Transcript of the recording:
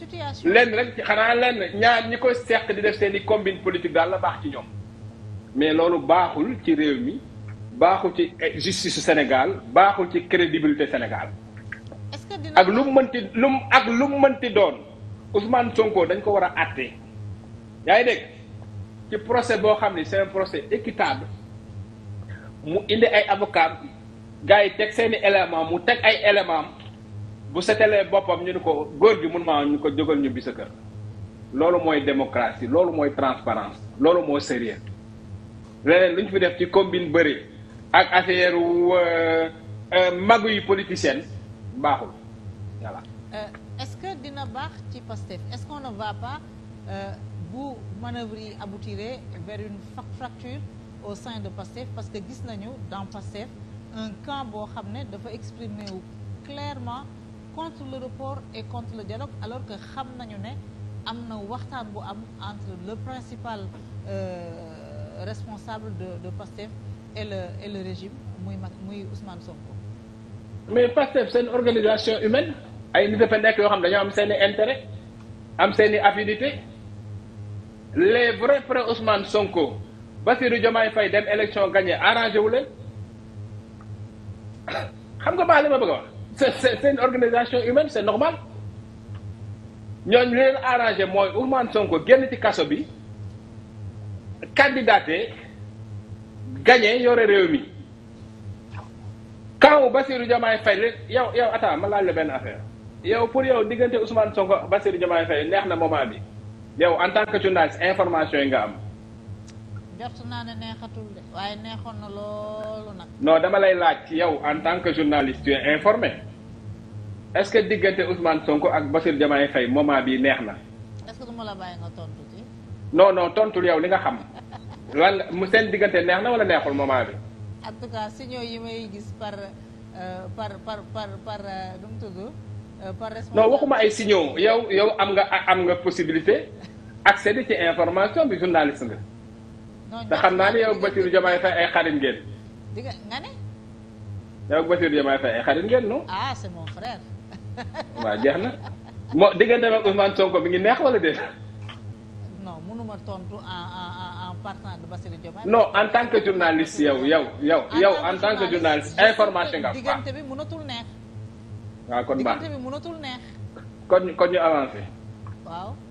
situation lenn rek ci xanaa lenn ñaar ñi ko seq di def seen i combine politique daal la baax ci ñoom mais loolu baaxul ci réew mi baaxul ci eh, justice Sénégal baaxul ci crédibilité Sénégal. est que ak lu mu mënti lu ak lu mu mënti doon Ousmane Sonko dañ ko war a àtte. yaa ngi dégg ci procès boo xam ni c'est un procès équitable mu indi ay avocats gars yi teg seeni i mu teg ay éléments bu setalee boppam ñu ne ko góor gi mun maa ñu ko jógal ñu bi sa kër loolu mooy démocratie loolu mooy transparence loolu moo sérieux leneen lu ñu fi def ci combine bëri ak affaire euh, euh, magu yi politicienne baaxul voilà. Euh, est-ce que dina baax ci Pastef est-ce qu'on ne va pas bu manœuvre yi aboutir vers une fracture au sein de Pastef parce que gis nañu dans Pastef un camp boo xam ne dafa exprimer wu clairement. contre le report et contre dialogue alors que xam nañu ne am na waxtaan bu am entre le principal euh, responsable de de PASTEF et le et régime muy mag muy Ousmane Sonko. mais PASTEF seen organisation humaine ay nit dafa nekk yoo xam dañoo am seen i am seen i affinité les vrais frères Ousmane Sonko Bassirou Diomaye Faye dem élection gagné arrangé wu leen xam nga baax la ma bëgg a c'est une organisation humaine c'est normal ñooñu li leen arrangé mooy Ousmane Sonko génn ci kaso bi candidaté gagné yore réew mi kaw Bassirou Diomaye Faye yow yow attends ma laaj la benn affaire yow pour yow diggante Ousmane Sonko Bassirou Diomaye Faye neex na moment bi yow en tant que journaliste information yi nga am. jot naa ne neexatul de waaye neexoon na loolu nag. non dama lay laaj ci yow en tant que journaliste tu informé. est-ce que diggante Ousmane Sonko ak Bassirou Diomaye fay moment bi neex na. est-ce que du ma la bàyyi nga tontu ci. non non tontul yow li nga xam. lan mu seen diggante neex na wala neexul moment bi. en tout cas signaux yi may gis par euh, par par par par euh, nu mu euh, waxuma ay signaux yow yow am nga am nga possibilité accéder ci information bi journaliste nga. non xam naa ne yow Bassirou Diomaye Faye ay xarit ngeen. di nga ne. yow Bassirou Diomaye Faye ay xarit ngeen non. ah c'est mon frère. waaw jeex na moo diggante ak Ousmane Sonko mi ngi neex wala en en en partant de Bassirou en tant que journaliste yow yow en tant que journaliste information nga. diggante bi mënatul neex. waaw ah, kon baax diggante bi mënatul neex. kon kon ñu avancé. waaw.